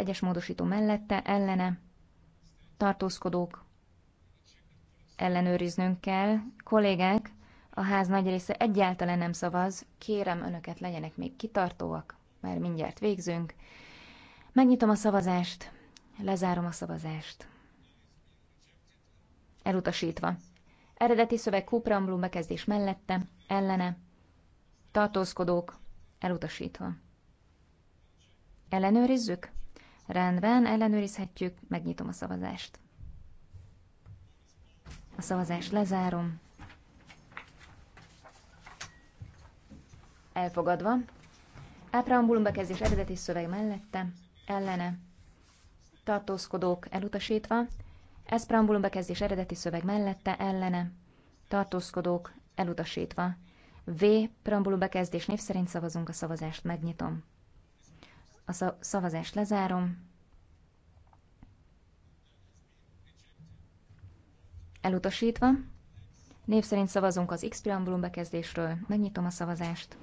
Egyes módosító mellette, ellene, tartózkodók, ellenőriznünk kell. Kollégák, a ház nagy része egyáltalán nem szavaz. Kérem önöket, legyenek még kitartóak, mert mindjárt végzünk. Megnyitom a szavazást, lezárom a szavazást. Elutasítva. Eredeti szöveg kupreambulum bekezdés mellette, ellene, tartózkodók, elutasítva. Ellenőrizzük? Rendben, ellenőrizhetjük, megnyitom a szavazást. A szavazást lezárom. Elfogadva. Ápreambulum bekezdés eredeti szöveg mellette, ellene. Tartózkodók elutasítva. Ez preambulum bekezdés eredeti szöveg mellette, ellene. Tartózkodók elutasítva. V. Preambulum bekezdés név szerint szavazunk a szavazást, megnyitom. A szavazást lezárom. Elutasítva. Név szerint szavazunk az X preambulum bekezdésről. Megnyitom a szavazást.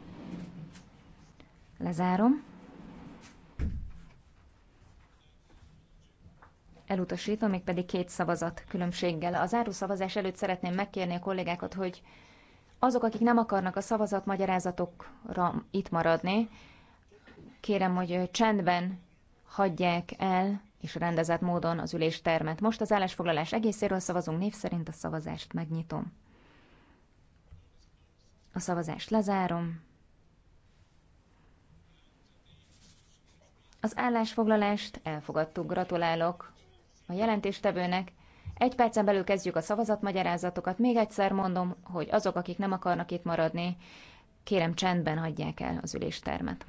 Lezárom. Elutasítva, mégpedig két szavazat különbséggel. A záró szavazás előtt szeretném megkérni a kollégákat, hogy azok, akik nem akarnak a szavazatmagyarázatokra itt maradni, Kérem, hogy csendben hagyják el és rendezett módon az ülés termet. Most az állásfoglalás egészéről szavazunk név szerint a szavazást megnyitom. A szavazást lezárom. Az állásfoglalást elfogadtuk, gratulálok a jelentéstevőnek. Egy percen belül kezdjük a szavazatmagyarázatokat. Még egyszer mondom, hogy azok, akik nem akarnak itt maradni, kérem csendben hagyják el az üléstermet.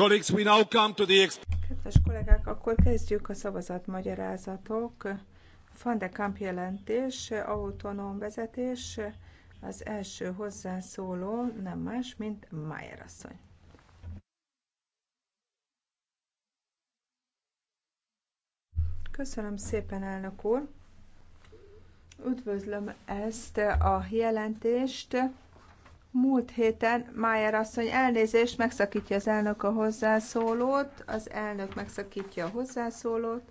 Colleagues, we now come to the... Kedves kollégák, akkor kezdjük a szavazatmagyarázatok. Van de Kamp jelentés, autonóm vezetés, az első hozzászóló nem más, mint Mayer asszony. Köszönöm szépen, elnök úr! Üdvözlöm ezt a jelentést Múlt héten Májer asszony elnézést megszakítja az elnök a hozzászólót, az elnök megszakítja a hozzászólót.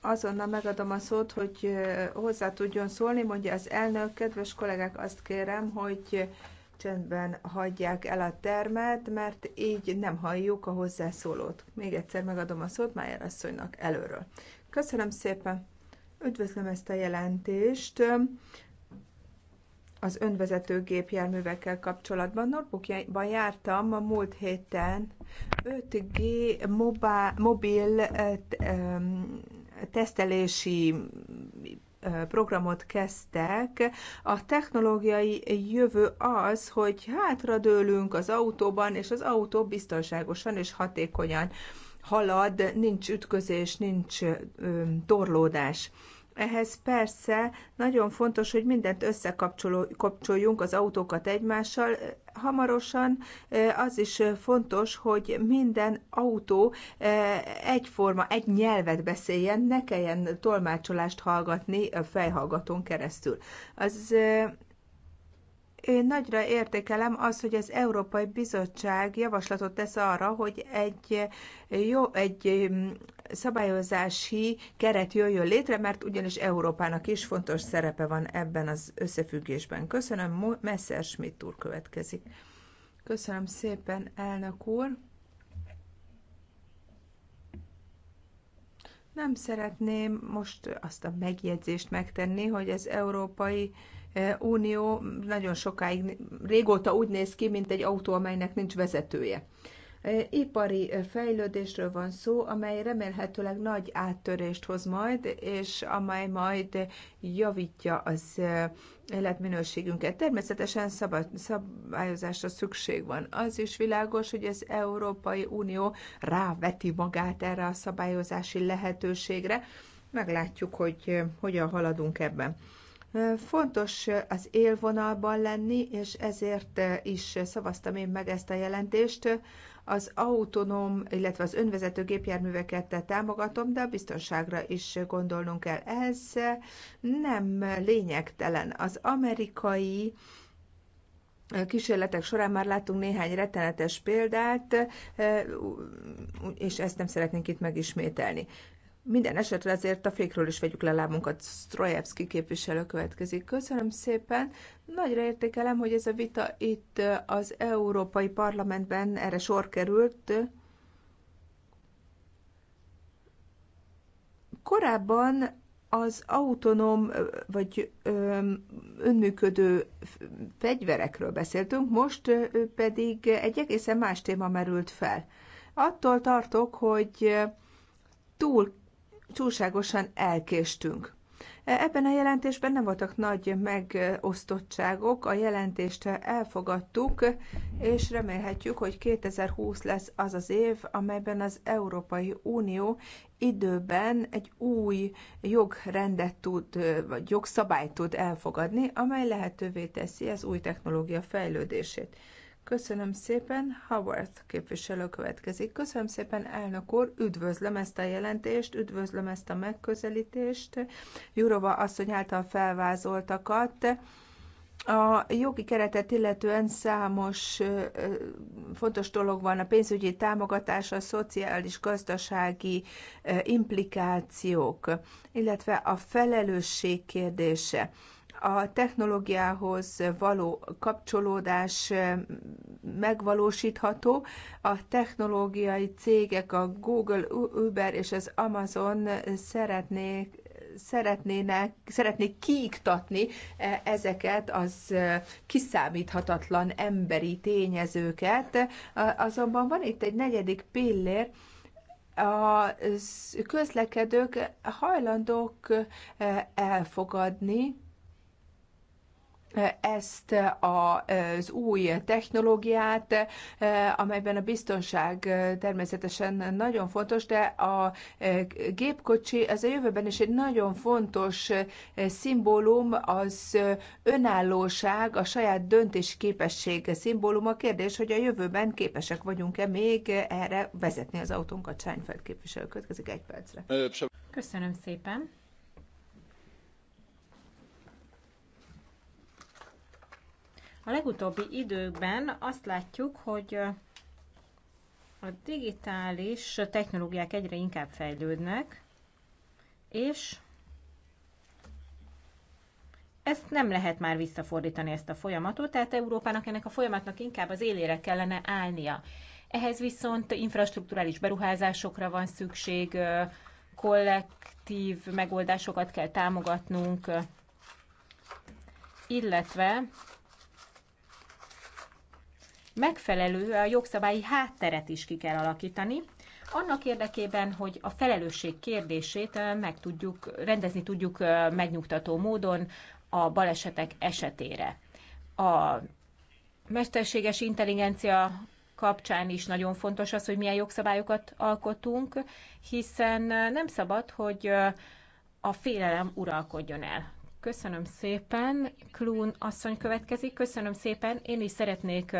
Azonnal megadom a szót, hogy hozzá tudjon szólni, mondja az elnök. Kedves kollégák, azt kérem, hogy csendben hagyják el a termet, mert így nem halljuk a hozzászólót. Még egyszer megadom a szót Májer asszonynak előről. Köszönöm szépen! Üdvözlöm ezt a jelentést az önvezető gépjárművekkel kapcsolatban. Norfolkban jártam a múlt héten 5G mobá, mobil eh, tesztelési eh, programot kezdtek. A technológiai jövő az, hogy hátradőlünk az autóban, és az autó biztonságosan és hatékonyan halad, nincs ütközés, nincs torlódás. Ehhez persze nagyon fontos, hogy mindent összekapcsoljunk az autókat egymással. Hamarosan az is fontos, hogy minden autó egyforma, egy nyelvet beszéljen, ne kelljen tolmácsolást hallgatni a fejhallgatón keresztül. Az én nagyra értékelem az, hogy az Európai Bizottság javaslatot tesz arra, hogy egy, jó, egy szabályozási keret jöjjön létre, mert ugyanis Európának is fontos szerepe van ebben az összefüggésben. Köszönöm, Schmidt úr következik. Köszönöm szépen, elnök úr. Nem szeretném most azt a megjegyzést megtenni, hogy az Európai e, Unió nagyon sokáig, régóta úgy néz ki, mint egy autó, amelynek nincs vezetője. Ipari fejlődésről van szó, amely remélhetőleg nagy áttörést hoz majd, és amely majd javítja az életminőségünket. Természetesen szabad, szabályozásra szükség van. Az is világos, hogy az Európai Unió ráveti magát erre a szabályozási lehetőségre. Meglátjuk, hogy hogyan haladunk ebben. Fontos az élvonalban lenni, és ezért is szavaztam én meg ezt a jelentést az autonóm, illetve az önvezető gépjárműveket támogatom, de a biztonságra is gondolnunk kell. Ez nem lényegtelen. Az amerikai kísérletek során már láttunk néhány rettenetes példát, és ezt nem szeretnénk itt megismételni. Minden esetre azért a fékről is vegyük le lábunkat. Strojevski képviselő következik. Köszönöm szépen. Nagyra értékelem, hogy ez a vita itt az Európai Parlamentben erre sor került. Korábban az autonóm vagy önműködő fegyverekről beszéltünk, most pedig egy egészen más téma merült fel. Attól tartok, hogy túl túlságosan elkéstünk. Ebben a jelentésben nem voltak nagy megosztottságok, a jelentést elfogadtuk, és remélhetjük, hogy 2020 lesz az az év, amelyben az Európai Unió időben egy új jogrendet tud, vagy jogszabályt tud elfogadni, amely lehetővé teszi az új technológia fejlődését. Köszönöm szépen, Howard képviselő következik. Köszönöm szépen, elnök úr, üdvözlöm ezt a jelentést, üdvözlöm ezt a megközelítést, Jurova asszony által felvázoltakat. A jogi keretet illetően számos fontos dolog van, a pénzügyi támogatás, a szociális, gazdasági implikációk, illetve a felelősség kérdése a technológiához való kapcsolódás megvalósítható. A technológiai cégek, a Google, Uber és az Amazon szeretnék szeretnének, szeretnék kiiktatni e, ezeket az kiszámíthatatlan emberi tényezőket. Azonban van itt egy negyedik pillér, a közlekedők hajlandók elfogadni ezt az új technológiát, amelyben a biztonság természetesen nagyon fontos, de a gépkocsi az a jövőben is egy nagyon fontos szimbólum, az önállóság, a saját döntésképesség szimbólum. A kérdés, hogy a jövőben képesek vagyunk-e még erre vezetni az autónkat. Sányfeld képviselő következik egy percre. Köszönöm szépen. A legutóbbi időkben azt látjuk, hogy a digitális technológiák egyre inkább fejlődnek, és ezt nem lehet már visszafordítani, ezt a folyamatot, tehát Európának ennek a folyamatnak inkább az élére kellene állnia. Ehhez viszont infrastruktúrális beruházásokra van szükség, kollektív megoldásokat kell támogatnunk, illetve megfelelő a jogszabályi hátteret is ki kell alakítani, annak érdekében, hogy a felelősség kérdését meg tudjuk, rendezni tudjuk megnyugtató módon a balesetek esetére. A mesterséges intelligencia kapcsán is nagyon fontos az, hogy milyen jogszabályokat alkotunk, hiszen nem szabad, hogy a félelem uralkodjon el. Köszönöm szépen. Klún asszony következik. Köszönöm szépen. Én is szeretnék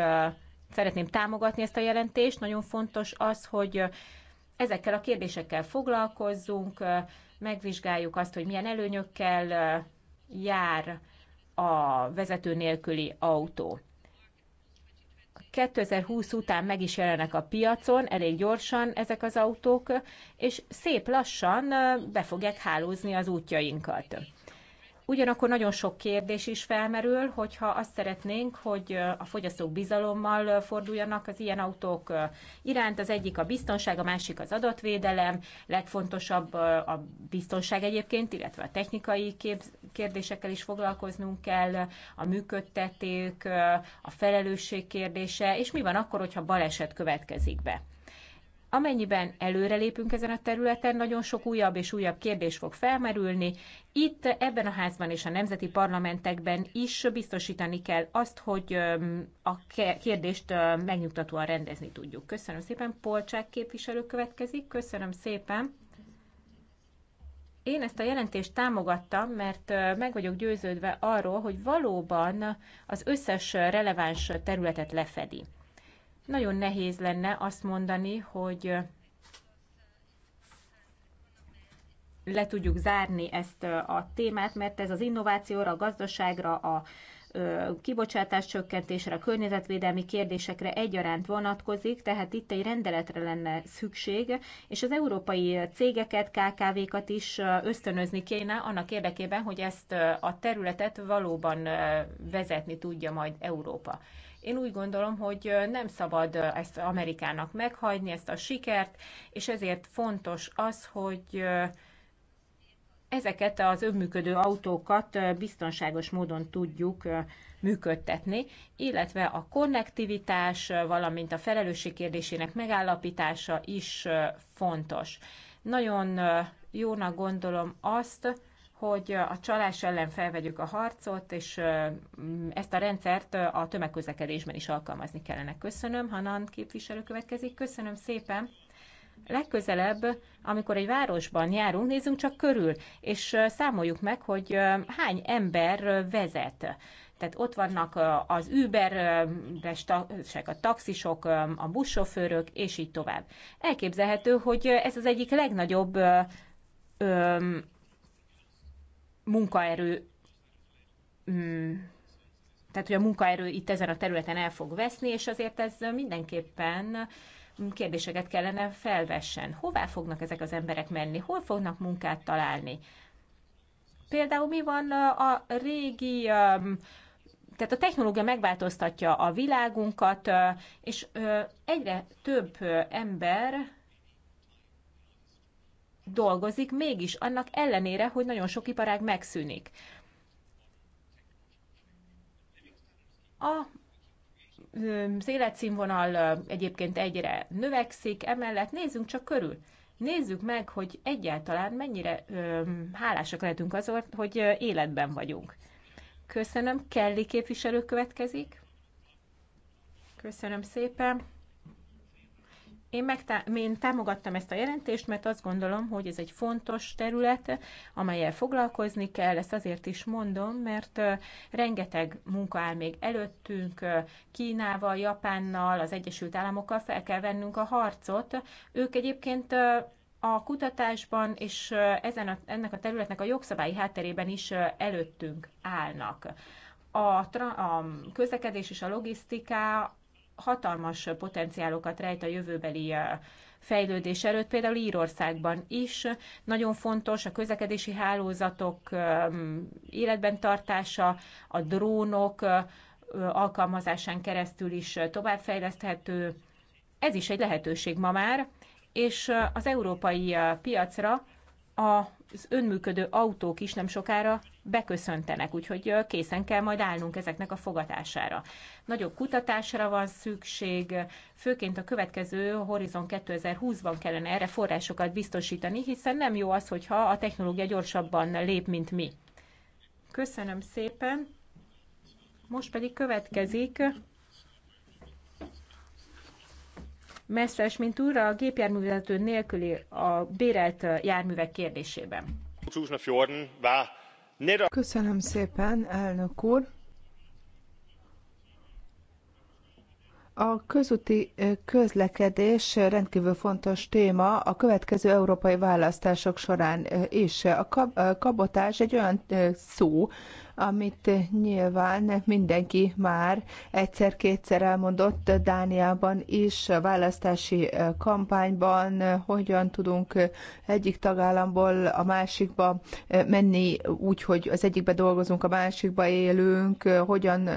szeretném támogatni ezt a jelentést. Nagyon fontos az, hogy ezekkel a kérdésekkel foglalkozzunk, megvizsgáljuk azt, hogy milyen előnyökkel jár a vezető nélküli autó. 2020 után meg is jelenek a piacon, elég gyorsan ezek az autók, és szép lassan be fogják hálózni az útjainkat. Ugyanakkor nagyon sok kérdés is felmerül, hogyha azt szeretnénk, hogy a fogyasztók bizalommal forduljanak az ilyen autók iránt. Az egyik a biztonság, a másik az adatvédelem, legfontosabb a biztonság egyébként, illetve a technikai kérdésekkel is foglalkoznunk kell, a működtetők, a felelősség kérdése, és mi van akkor, hogyha baleset következik be. Amennyiben előrelépünk ezen a területen, nagyon sok újabb és újabb kérdés fog felmerülni. Itt, ebben a házban és a nemzeti parlamentekben is biztosítani kell azt, hogy a kérdést megnyugtatóan rendezni tudjuk. Köszönöm szépen. Polcsák képviselő következik. Köszönöm szépen. Én ezt a jelentést támogattam, mert meg vagyok győződve arról, hogy valóban az összes releváns területet lefedi. Nagyon nehéz lenne azt mondani, hogy le tudjuk zárni ezt a témát, mert ez az innovációra, a gazdaságra, a kibocsátás csökkentésre, a környezetvédelmi kérdésekre egyaránt vonatkozik, tehát itt egy rendeletre lenne szükség, és az európai cégeket, KKV-kat is ösztönözni kéne annak érdekében, hogy ezt a területet valóban vezetni tudja majd Európa. Én úgy gondolom, hogy nem szabad ezt Amerikának meghagyni, ezt a sikert, és ezért fontos az, hogy ezeket az önműködő autókat biztonságos módon tudjuk működtetni, illetve a konnektivitás, valamint a felelősség kérdésének megállapítása is fontos. Nagyon jónak gondolom azt, hogy a csalás ellen felvegyük a harcot, és ezt a rendszert a tömegközlekedésben is alkalmazni kellene. Köszönöm, Hanan képviselő következik. Köszönöm szépen. Legközelebb, amikor egy városban járunk, nézzünk csak körül, és számoljuk meg, hogy hány ember vezet. Tehát ott vannak az uber a taxisok, a buszsofőrök, és így tovább. Elképzelhető, hogy ez az egyik legnagyobb munkaerő mm, tehát hogy a munkaerő itt ezen a területen el fog veszni, és azért ez mindenképpen kérdéseket kellene felvessen. Hová fognak ezek az emberek menni? Hol fognak munkát találni? Például mi van a régi, mm, tehát a technológia megváltoztatja a világunkat, és mm, egyre több ember dolgozik, mégis annak ellenére, hogy nagyon sok iparág megszűnik. A az életszínvonal egyébként egyre növekszik, emellett nézzünk csak körül. Nézzük meg, hogy egyáltalán mennyire ö, hálásak lehetünk azért, hogy életben vagyunk. Köszönöm, Kelly képviselő következik. Köszönöm szépen. Én, megtá- én támogattam ezt a jelentést, mert azt gondolom, hogy ez egy fontos terület, amelyel foglalkozni kell. Ezt azért is mondom, mert rengeteg munka áll még előttünk. Kínával, Japánnal, az Egyesült Államokkal fel kell vennünk a harcot. Ők egyébként a kutatásban és ezen a, ennek a területnek a jogszabályi hátterében is előttünk állnak. A, tra- a közlekedés és a logisztika hatalmas potenciálokat rejt a jövőbeli fejlődés előtt, például Írországban is nagyon fontos a közlekedési hálózatok életben tartása, a drónok alkalmazásán keresztül is továbbfejleszthető. Ez is egy lehetőség ma már, és az európai piacra az önműködő autók is nem sokára beköszöntenek, úgyhogy készen kell majd állnunk ezeknek a fogadására. Nagyobb kutatásra van szükség, főként a következő Horizon 2020-ban kellene erre forrásokat biztosítani, hiszen nem jó az, hogyha a technológia gyorsabban lép, mint mi. Köszönöm szépen! Most pedig következik messzes, mint úr a gépjárművezető nélküli a bérelt járművek kérdésében. Köszönöm szépen, elnök úr! A közúti közlekedés rendkívül fontos téma a következő európai választások során is. A kabotás egy olyan szó, amit nyilván mindenki már egyszer-kétszer elmondott Dániában is, a választási kampányban, hogyan tudunk egyik tagállamból a másikba menni úgy, hogy az egyikbe dolgozunk, a másikba élünk, hogyan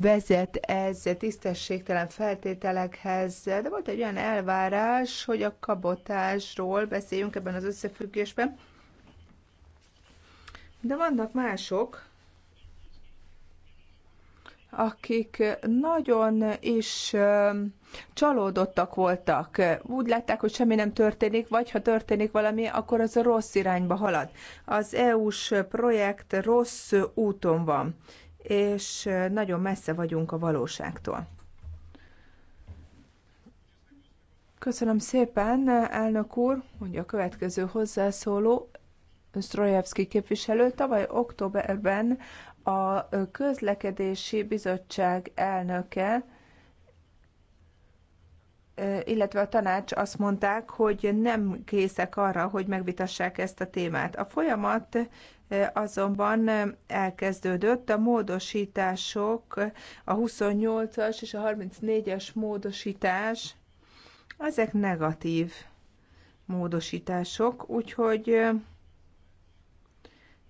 vezet ez tisztességtelen feltételekhez, de volt egy olyan elvárás, hogy a kabotásról beszéljünk ebben az összefüggésben, de vannak mások, akik nagyon is csalódottak voltak. Úgy látták, hogy semmi nem történik, vagy ha történik valami, akkor az a rossz irányba halad. Az EU-s projekt rossz úton van, és nagyon messze vagyunk a valóságtól. Köszönöm szépen, elnök úr, mondja a következő hozzászóló. Sztrojevski képviselő tavaly októberben a közlekedési bizottság elnöke, illetve a tanács azt mondták, hogy nem készek arra, hogy megvitassák ezt a témát. A folyamat azonban elkezdődött. A módosítások, a 28-as és a 34-es módosítás, ezek negatív módosítások, úgyhogy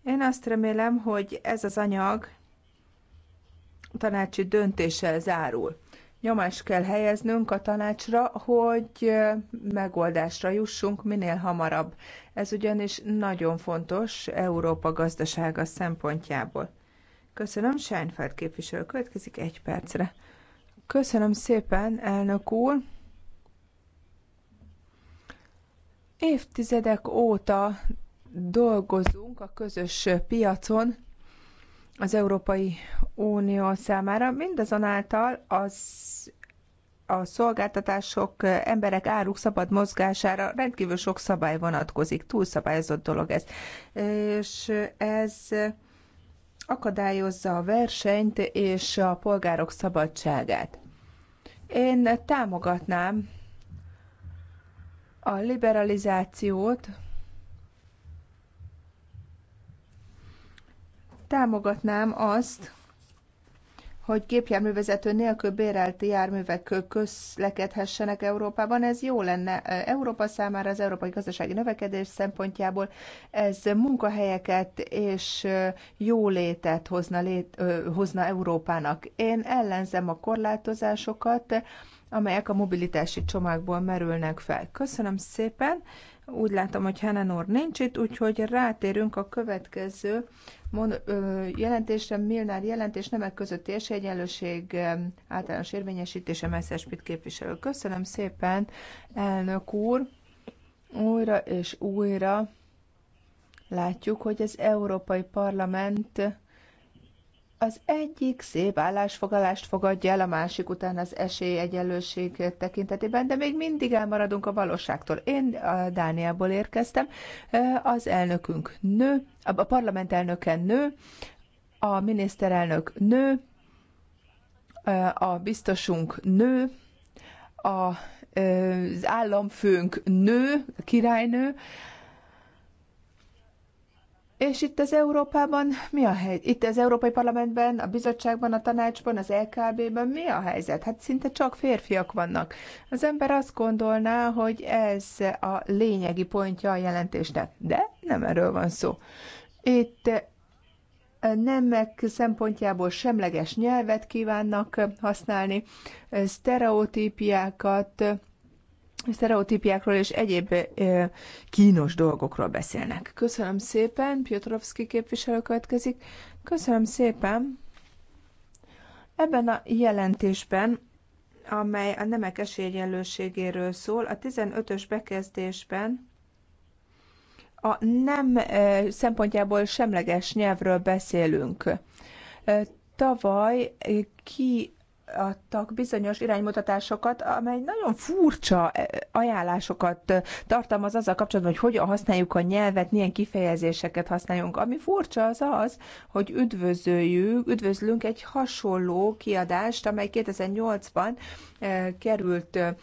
én azt remélem, hogy ez az anyag tanácsi döntéssel zárul. Nyomást kell helyeznünk a tanácsra, hogy megoldásra jussunk minél hamarabb. Ez ugyanis nagyon fontos Európa gazdasága szempontjából. Köszönöm, Seinfeld képviselő következik egy percre. Köszönöm szépen, elnök úr! Évtizedek óta dolgozunk a közös piacon az Európai Unió számára. Mindazonáltal az a szolgáltatások, emberek, áruk szabad mozgására rendkívül sok szabály vonatkozik, túlszabályozott dolog ez. És ez akadályozza a versenyt és a polgárok szabadságát. Én támogatnám a liberalizációt, támogatnám azt, hogy gépjárművezető nélkül bérelt járművek közlekedhessenek Európában. Ez jó lenne eh, Európa számára, az európai gazdasági növekedés szempontjából. Ez munkahelyeket és eh, jólétet hozna, lét, eh, hozna Európának. Én ellenzem a korlátozásokat, amelyek a mobilitási csomagból merülnek fel. Köszönöm szépen! Úgy látom, hogy Henan úr nincs itt, úgyhogy rátérünk a következő mond, ö, jelentésre, Milnár jelentés nemek közötti esélyegyenlőség általános érvényesítése Messerschmidt képviselő. Köszönöm szépen, elnök úr! Újra és újra látjuk, hogy az Európai Parlament az egyik szép állásfoglalást fogadja el, a másik után az esélyegyenlőség tekintetében, de még mindig elmaradunk a valóságtól. Én a Dániából érkeztem, az elnökünk nő, a parlament elnöke nő, a miniszterelnök nő, a biztosunk nő, az államfőnk nő, királynő, és itt az Európában mi a helyzet? Itt az Európai Parlamentben, a bizottságban, a tanácsban, az LKB-ben mi a helyzet? Hát szinte csak férfiak vannak. Az ember azt gondolná, hogy ez a lényegi pontja a jelentésnek, de nem erről van szó. Itt eh, nemek szempontjából semleges nyelvet kívánnak eh, használni, eh, sztereotípiákat, sztereotípiákról és egyéb kínos dolgokról beszélnek. Köszönöm szépen, Piotrowski képviselő következik. Köszönöm szépen. Ebben a jelentésben, amely a nemek esélyegyenlőségéről szól, a 15-ös bekezdésben a nem szempontjából semleges nyelvről beszélünk. Tavaly ki adtak bizonyos iránymutatásokat, amely nagyon furcsa e, ajánlásokat tartalmaz azzal kapcsolatban, hogy hogyan használjuk a nyelvet, milyen kifejezéseket használjunk. Ami furcsa az az, hogy üdvözöljük, üdvözlünk egy hasonló kiadást, amely 2008-ban e, került e,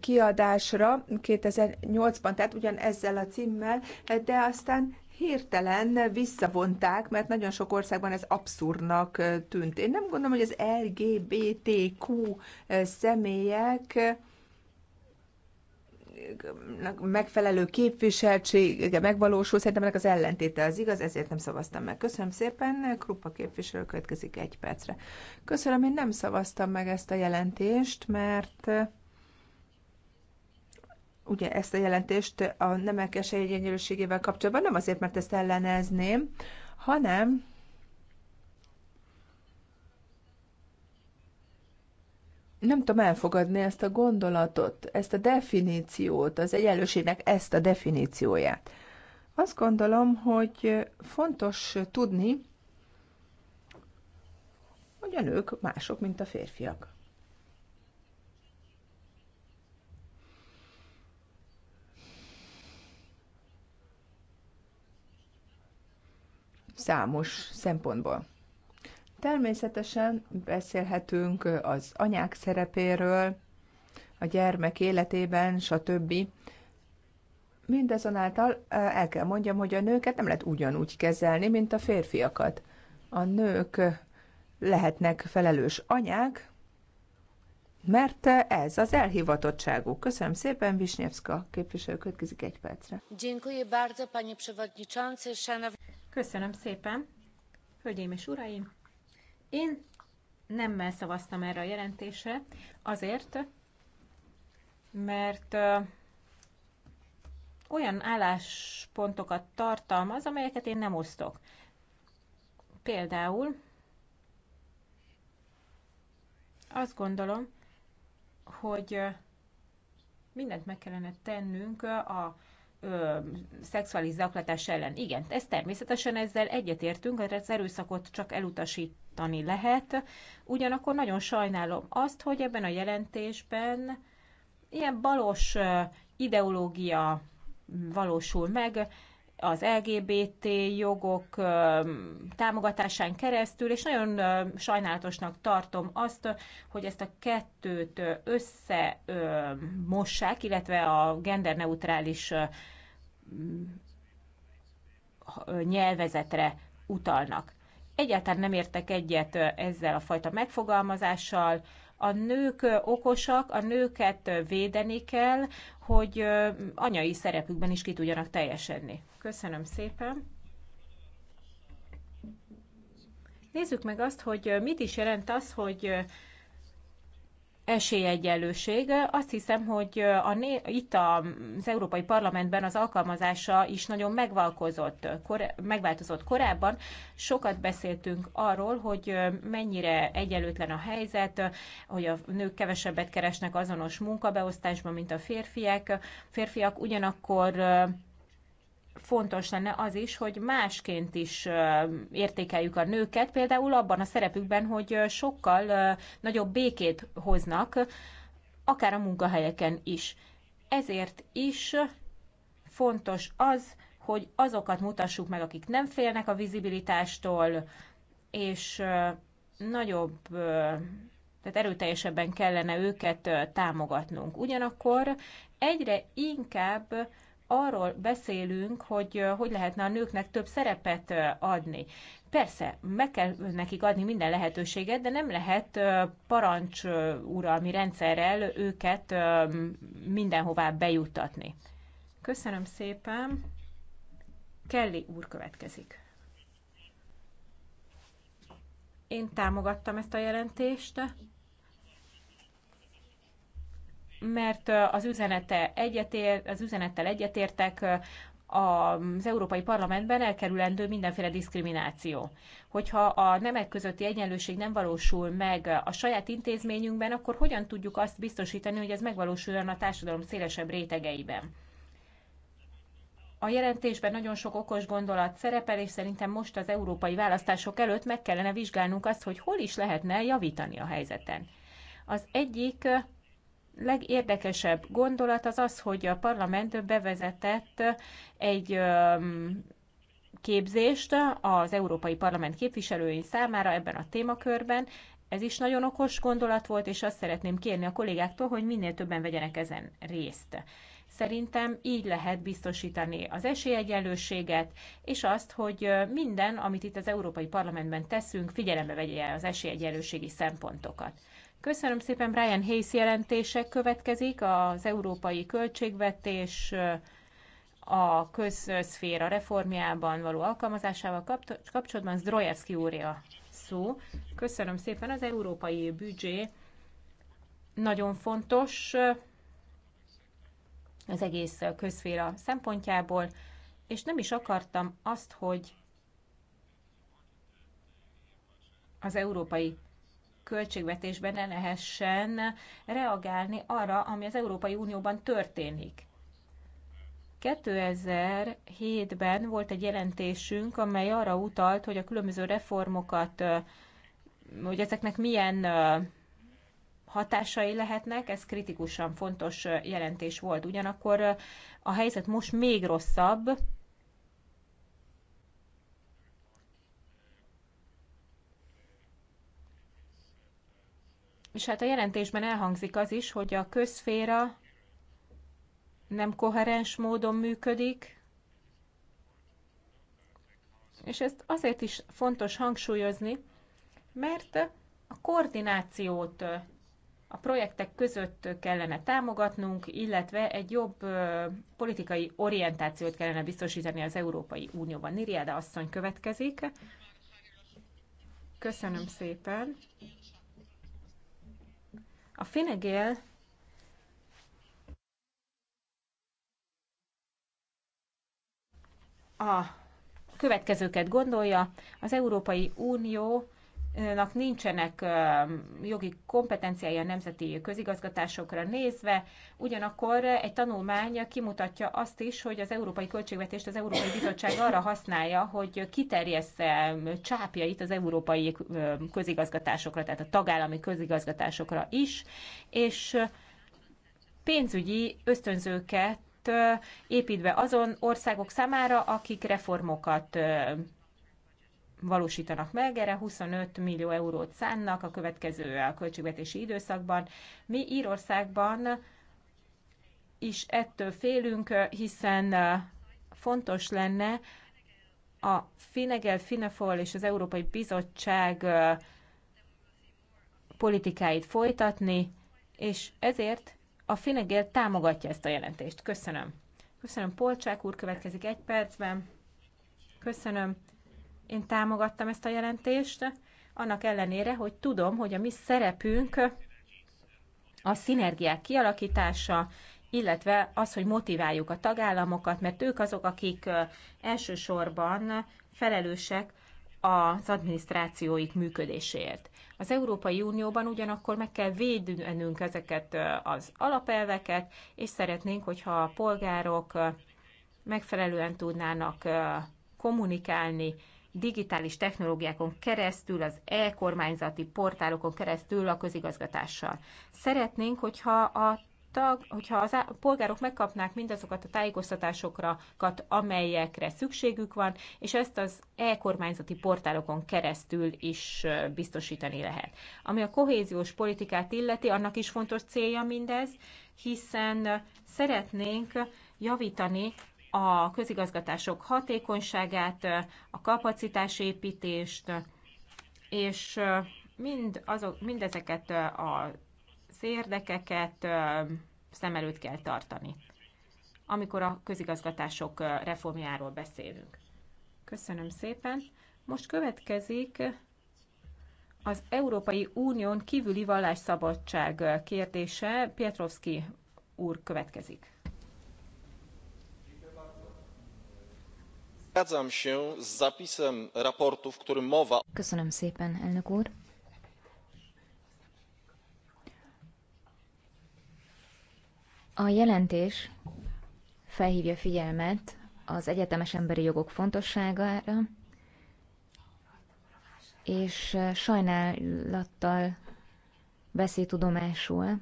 kiadásra 2008-ban, tehát ugyan ezzel a címmel, de aztán hirtelen visszavonták, mert nagyon sok országban ez abszurdnak tűnt. Én nem gondolom, hogy az LGBTQ személyek megfelelő képviseltsége megvalósul, szerintem ennek az ellentéte az igaz, ezért nem szavaztam meg. Köszönöm szépen, Krupa képviselő következik egy percre. Köszönöm, én nem szavaztam meg ezt a jelentést, mert ugye ezt a jelentést a nemek esélyegyenlőségével kapcsolatban, nem azért, mert ezt ellenezném, hanem nem tudom elfogadni ezt a gondolatot, ezt a definíciót, az egyenlőségnek ezt a definícióját. Azt gondolom, hogy fontos tudni, hogy a nők mások, mint a férfiak. számos szempontból. Természetesen beszélhetünk az anyák szerepéről, a gyermek életében, stb. Mindazonáltal eh, el kell mondjam, hogy a nőket nem lehet ugyanúgy kezelni, mint a férfiakat. A nők eh, lehetnek felelős anyák, mert ez az elhivatottságuk. Köszönöm szépen, Visnyevska képviselő, következik egy percre. Köszönöm szépen, hölgyeim és uraim! Én nemmel szavaztam erre a jelentésre, azért, mert olyan álláspontokat tartalmaz, amelyeket én nem osztok. Például azt gondolom, hogy mindent meg kellene tennünk a ö, szexuális zaklatás ellen. Igen, ez természetesen ezzel egyetértünk, mert az erőszakot csak elutasítani lehet. Ugyanakkor nagyon sajnálom azt, hogy ebben a jelentésben ilyen balos ideológia valósul meg, az LGBT jogok támogatásán keresztül, és nagyon sajnálatosnak tartom azt, hogy ezt a kettőt összemossák, illetve a genderneutrális nyelvezetre utalnak. Egyáltalán nem értek egyet ezzel a fajta megfogalmazással, a nők okosak, a nőket védeni kell, hogy anyai szerepükben is ki tudjanak teljesedni. Köszönöm szépen! Nézzük meg azt, hogy mit is jelent az, hogy esélyegyenlőség. Azt hiszem, hogy a, itt a, az Európai Parlamentben az alkalmazása is nagyon megváltozott, kor, megváltozott korábban. Sokat beszéltünk arról, hogy mennyire egyenlőtlen a helyzet, hogy a nők kevesebbet keresnek azonos munkabeosztásban, mint a férfiak. Férfiak ugyanakkor fontos lenne az is, hogy másként is értékeljük a nőket, például abban a szerepükben, hogy sokkal nagyobb békét hoznak, akár a munkahelyeken is. Ezért is fontos az, hogy azokat mutassuk meg, akik nem félnek a vizibilitástól, és nagyobb, tehát erőteljesebben kellene őket támogatnunk. Ugyanakkor egyre inkább arról beszélünk, hogy hogy lehetne a nőknek több szerepet adni. Persze, meg kell nekik adni minden lehetőséget, de nem lehet parancsuralmi rendszerrel őket mindenhová bejuttatni. Köszönöm szépen. Kelly úr következik. Én támogattam ezt a jelentést, mert az, üzenete egyetér, az üzenettel egyetértek, az Európai Parlamentben elkerülendő mindenféle diszkrimináció. Hogyha a nemek közötti egyenlőség nem valósul meg a saját intézményünkben, akkor hogyan tudjuk azt biztosítani, hogy ez megvalósuljon a társadalom szélesebb rétegeiben? A jelentésben nagyon sok okos gondolat szerepel, és szerintem most az európai választások előtt meg kellene vizsgálnunk azt, hogy hol is lehetne javítani a helyzeten. Az egyik legérdekesebb gondolat az az, hogy a parlament bevezetett egy képzést az Európai Parlament képviselői számára ebben a témakörben. Ez is nagyon okos gondolat volt, és azt szeretném kérni a kollégáktól, hogy minél többen vegyenek ezen részt. Szerintem így lehet biztosítani az esélyegyenlőséget, és azt, hogy minden, amit itt az Európai Parlamentben teszünk, figyelembe vegye az esélyegyenlőségi szempontokat. Köszönöm szépen, Brian Hayes jelentések következik, az európai költségvetés a közszféra reformjában való alkalmazásával kapcsolatban Zdrojevski úrja a szó. Köszönöm szépen, az európai büdzsé nagyon fontos az egész közféra szempontjából, és nem is akartam azt, hogy az európai költségvetésben ne lehessen reagálni arra, ami az Európai Unióban történik. 2007-ben volt egy jelentésünk, amely arra utalt, hogy a különböző reformokat, hogy ezeknek milyen hatásai lehetnek, ez kritikusan fontos jelentés volt. Ugyanakkor a helyzet most még rosszabb, És hát a jelentésben elhangzik az is, hogy a közféra nem koherens módon működik, és ezt azért is fontos hangsúlyozni, mert a koordinációt a projektek között kellene támogatnunk, illetve egy jobb politikai orientációt kellene biztosítani az Európai Unióban. Niriáda asszony következik. Köszönöm szépen. A Finegél a következőket gondolja, az Európai Unió nak nincsenek jogi kompetenciája a nemzeti közigazgatásokra nézve, ugyanakkor egy tanulmány kimutatja azt is, hogy az európai költségvetést az Európai Bizottság arra használja, hogy kiterjessze csápjait az európai közigazgatásokra, tehát a tagállami közigazgatásokra is, és pénzügyi ösztönzőket építve azon országok számára, akik reformokat valósítanak meg, erre 25 millió eurót szánnak a következő a költségvetési időszakban. Mi Írországban is ettől félünk, hiszen fontos lenne a Finegel, Finefol és az Európai Bizottság politikáit folytatni, és ezért a Finegel támogatja ezt a jelentést. Köszönöm. Köszönöm, Polcsák úr, következik egy percben. Köszönöm. Én támogattam ezt a jelentést, annak ellenére, hogy tudom, hogy a mi szerepünk a szinergiák kialakítása, illetve az, hogy motiváljuk a tagállamokat, mert ők azok, akik elsősorban felelősek az adminisztrációik működéséért. Az Európai Unióban ugyanakkor meg kell védenünk ezeket az alapelveket, és szeretnénk, hogyha a polgárok megfelelően tudnának kommunikálni digitális technológiákon keresztül, az e-kormányzati portálokon keresztül a közigazgatással. Szeretnénk, hogyha a tag, hogyha az á, a polgárok megkapnák mindazokat a tájékoztatásokat, amelyekre szükségük van, és ezt az e-kormányzati portálokon keresztül is biztosítani lehet. Ami a kohéziós politikát illeti, annak is fontos célja mindez, hiszen szeretnénk javítani a közigazgatások hatékonyságát, a kapacitásépítést, és mind azok, mindezeket az érdekeket szem előtt kell tartani, amikor a közigazgatások reformjáról beszélünk. Köszönöm szépen. Most következik az Európai Unión kívüli vallásszabadság kérdése. Pietrovski úr következik. w którym mowa o. A jelentés felhívja figyelmet az egyetemes emberi jogok fontosságára, és sajnálattal veszi tudomásul,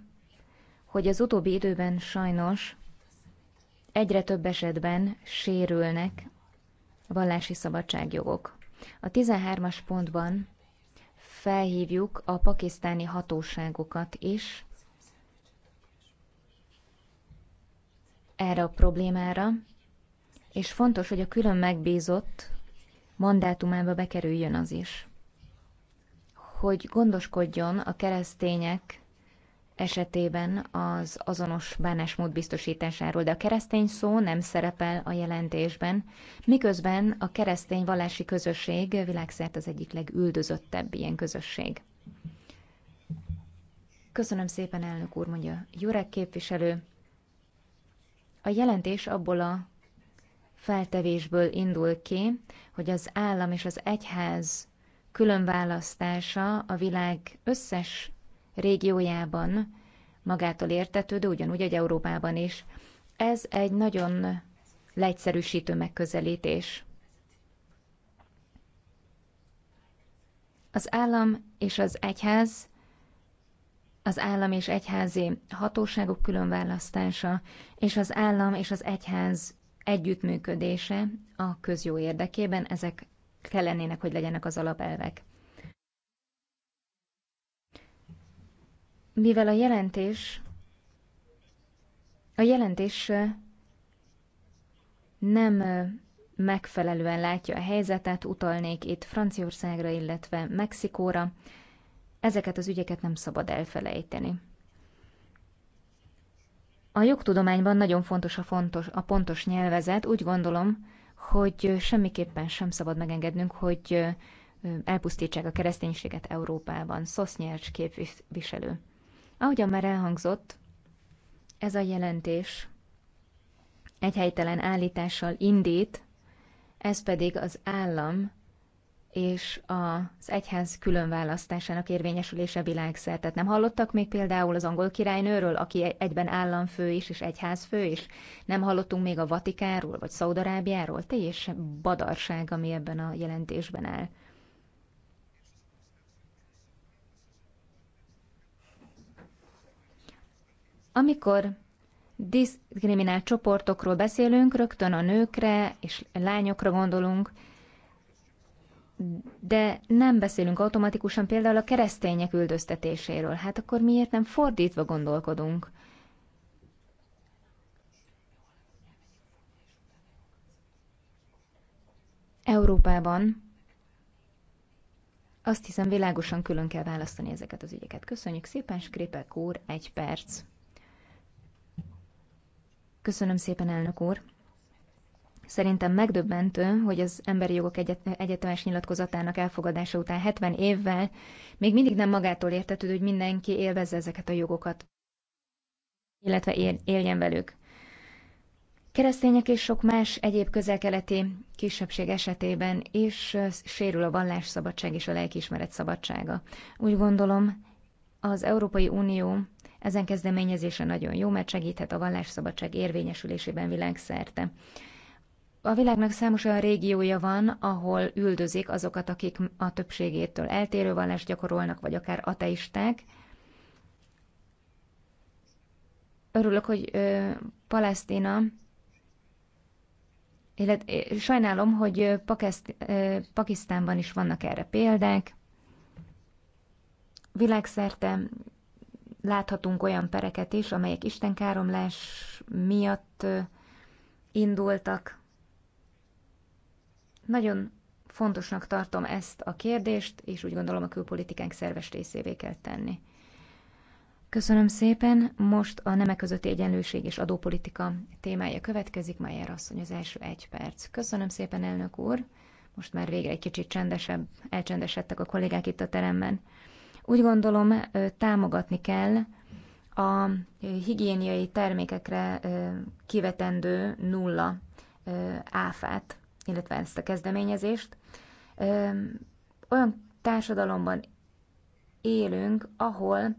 hogy az utóbbi időben sajnos egyre több esetben sérülnek vallási szabadságjogok. A 13-as pontban felhívjuk a pakisztáni hatóságokat is erre a problémára, és fontos, hogy a külön megbízott mandátumába bekerüljön az is, hogy gondoskodjon a keresztények esetében az azonos bánásmód biztosításáról, de a keresztény szó nem szerepel a jelentésben, miközben a keresztény vallási közösség világszerte az egyik legüldözöttebb ilyen közösség. Köszönöm szépen, elnök úr, mondja Jurek képviselő. A jelentés abból a feltevésből indul ki, hogy az állam és az egyház különválasztása a világ összes régiójában magától értetődő, ugyanúgy egy Európában is. Ez egy nagyon leegyszerűsítő megközelítés. Az állam és az egyház, az állam és egyházi hatóságok különválasztása, és az állam és az egyház együttműködése a közjó érdekében, ezek kell lennének, hogy legyenek az alapelvek. mivel a jelentés a jelentés nem megfelelően látja a helyzetet, utalnék itt Franciaországra, illetve Mexikóra. Ezeket az ügyeket nem szabad elfelejteni. A jogtudományban nagyon fontos a, fontos a pontos nyelvezet. Úgy gondolom, hogy semmiképpen sem szabad megengednünk, hogy elpusztítsák a kereszténységet Európában. Szosznyercs képviselő. Ahogyan már elhangzott, ez a jelentés egy helytelen állítással indít, ez pedig az állam és az egyház különválasztásának érvényesülése világszerte. Nem hallottak még például az angol királynőről, aki egyben államfő is és egyházfő is? Nem hallottunk még a Vatikáról vagy Szaudarábiáról? Teljes badarság, ami ebben a jelentésben áll. Amikor diszkriminált csoportokról beszélünk, rögtön a nőkre és lányokra gondolunk, de nem beszélünk automatikusan például a keresztények üldöztetéséről. Hát akkor miért nem fordítva gondolkodunk? Európában azt hiszem világosan külön kell választani ezeket az ügyeket. Köszönjük szépen, Skripek úr, egy perc. Köszönöm szépen, elnök úr. Szerintem megdöbbentő, hogy az Emberi Jogok Egyet Egyetemes Nyilatkozatának elfogadása után 70 évvel még mindig nem magától értetődő, hogy mindenki élvezze ezeket a jogokat, illetve él, éljen velük. Keresztények és sok más egyéb közelkeleti kisebbség esetében is sérül a vallásszabadság és a lelkiismeret szabadsága. Úgy gondolom, az Európai Unió ezen kezdeményezése nagyon jó, mert segíthet a vallásszabadság érvényesülésében világszerte. A világnak számos olyan régiója van, ahol üldözik azokat, akik a többségétől eltérő vallást gyakorolnak, vagy akár ateisták. Örülök, hogy ö, Palesztina, illetve sajnálom, hogy Pakeszt, ö, Pakisztánban is vannak erre példák. Világszerte láthatunk olyan pereket is, amelyek istenkáromlás miatt indultak. Nagyon fontosnak tartom ezt a kérdést, és úgy gondolom a külpolitikánk szerves részévé kell tenni. Köszönöm szépen. Most a nemek közötti egyenlőség és adópolitika témája következik. Mayer asszony az első egy perc. Köszönöm szépen, elnök úr. Most már végre egy kicsit csendesebb, elcsendesedtek a kollégák itt a teremben. Úgy gondolom, támogatni kell a higiéniai termékekre kivetendő nulla áfát, illetve ezt a kezdeményezést. Olyan társadalomban élünk, ahol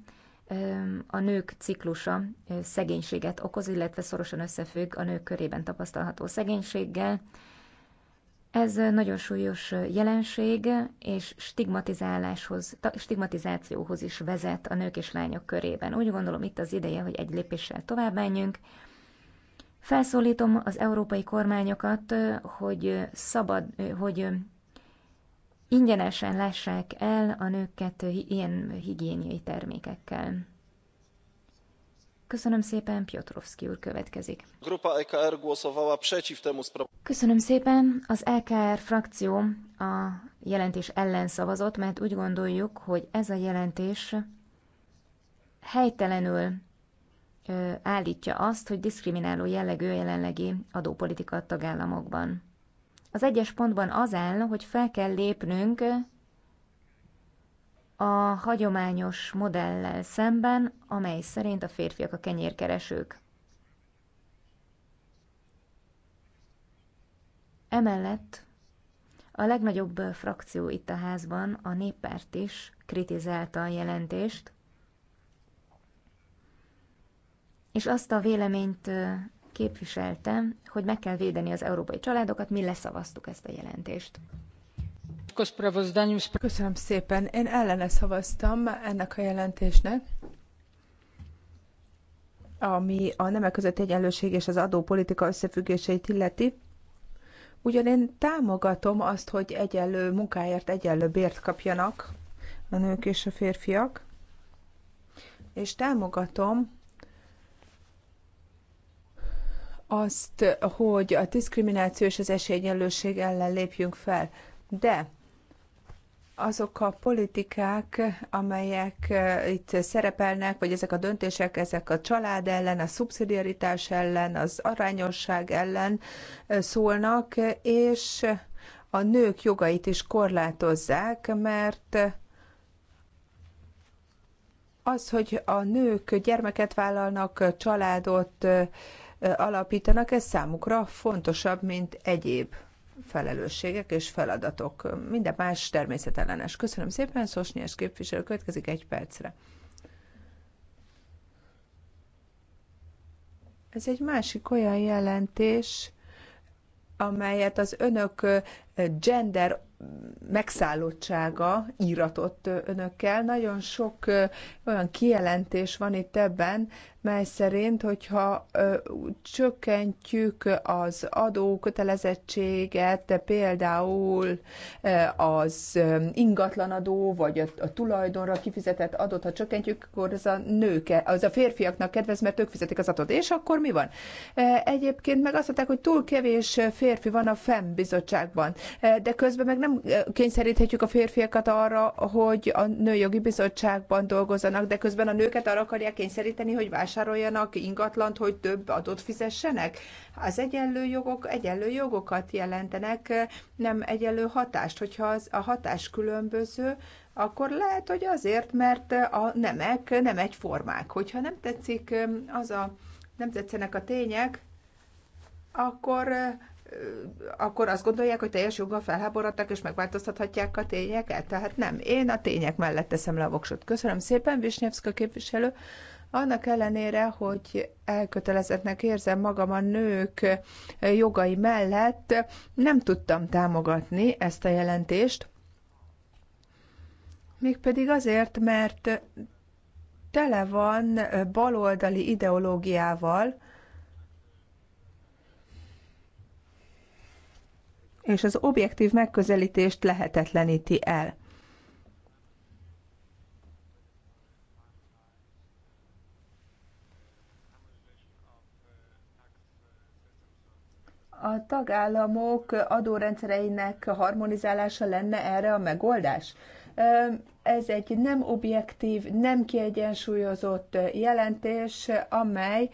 a nők ciklusa szegénységet okoz, illetve szorosan összefügg a nők körében tapasztalható szegénységgel. Ez nagyon súlyos jelenség, és stigmatizáláshoz, stigmatizációhoz is vezet a nők és lányok körében. Úgy gondolom, itt az ideje, hogy egy lépéssel tovább menjünk. Felszólítom az európai kormányokat, hogy szabad, hogy ingyenesen lássák el a nőket ilyen higiéniai termékekkel. Köszönöm szépen, Piotrowski úr következik. Grupa EKR głosowała przeciw temu Köszönöm szépen, az EKR frakció a jelentés ellen szavazott, mert úgy gondoljuk, hogy ez a jelentés helytelenül ö, állítja azt, hogy diszkrimináló jellegű a jelenlegi adópolitika a tagállamokban. Az egyes pontban az áll, hogy fel kell lépnünk a hagyományos modellel szemben, amely szerint a férfiak a kenyérkeresők. Emellett a legnagyobb frakció itt a házban, a néppárt is kritizálta a jelentést, és azt a véleményt képviseltem, hogy meg kell védeni az európai családokat, mi leszavaztuk ezt a jelentést przeciwko sprawozdaniu. Köszönöm szépen. Én ellene szavaztam ennek a jelentésnek ami a nemek közötti egyenlőség és az adópolitika összefüggéseit illeti. Ugyan én támogatom azt, hogy egyenlő munkáért egyenlő bért kapjanak a nők és a férfiak, és támogatom azt, hogy a diszkrimináció és az esélyegyenlőség ellen lépjünk fel. De azok a politikák, amelyek eh, itt szerepelnek, vagy ezek a döntések, ezek a család ellen, a szubszidiaritás ellen, az arányosság ellen eh, szólnak, és a nők jogait is korlátozzák, mert az, hogy a nők gyermeket vállalnak, családot eh, alapítanak, ez számukra fontosabb, mint egyéb felelősségek és feladatok. Minden más természetellenes. Köszönöm szépen, Szosnyás képviselő következik egy percre. Ez egy másik olyan jelentés, amelyet az önök gender megszállottsága íratott önökkel. Nagyon sok olyan kijelentés van itt ebben, mely szerint, hogyha csökkentjük az adókötelezettséget, például az ingatlanadó, vagy a tulajdonra kifizetett adót, ha csökkentjük, akkor ez a nők, az a férfiaknak kedvez, mert ők fizetik az adót. És akkor mi van? Egyébként meg azt mondták, hogy túl kevés férfi van a FEM bizottságban, de közben meg nem kényszeríthetjük a férfiakat arra, hogy a nőjogi bizottságban dolgozzanak, de közben a nőket arra akarják kényszeríteni, hogy vásárolják vásároljanak ingatlant, hogy több adót fizessenek? Az egyenlő jogok egyenlő jogokat jelentenek, nem egyenlő hatást. Hogyha az, a hatás különböző, akkor lehet, hogy azért, mert a nemek nem egyformák. Hogyha nem tetszik az a, nem tetszenek a tények, akkor akkor azt gondolják, hogy teljes joggal felháborodtak, és megváltoztathatják a tényeket? Tehát nem, én a tények mellett teszem le a voksot. Köszönöm szépen, Visnyevszka képviselő. Annak ellenére, hogy elkötelezettnek érzem magam a nők jogai mellett, nem tudtam támogatni ezt a jelentést, mégpedig azért, mert tele van baloldali ideológiával, és az objektív megközelítést lehetetleníti el. tagállamok adórendszereinek harmonizálása lenne erre a megoldás? Ez egy nem objektív, nem kiegyensúlyozott jelentés, amely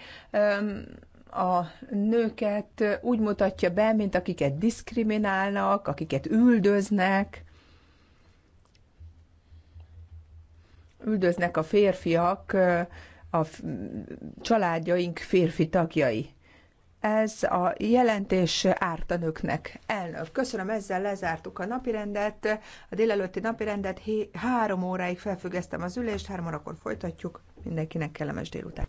a nőket úgy mutatja be, mint akiket diszkriminálnak, akiket üldöznek. Üldöznek a férfiak, a családjaink férfi tagjai ez a jelentés árt a nőknek. Elnök, köszönöm, ezzel lezártuk a napirendet, a délelőtti napirendet, három óráig felfüggesztem az ülést, három órakor folytatjuk, mindenkinek kellemes délután.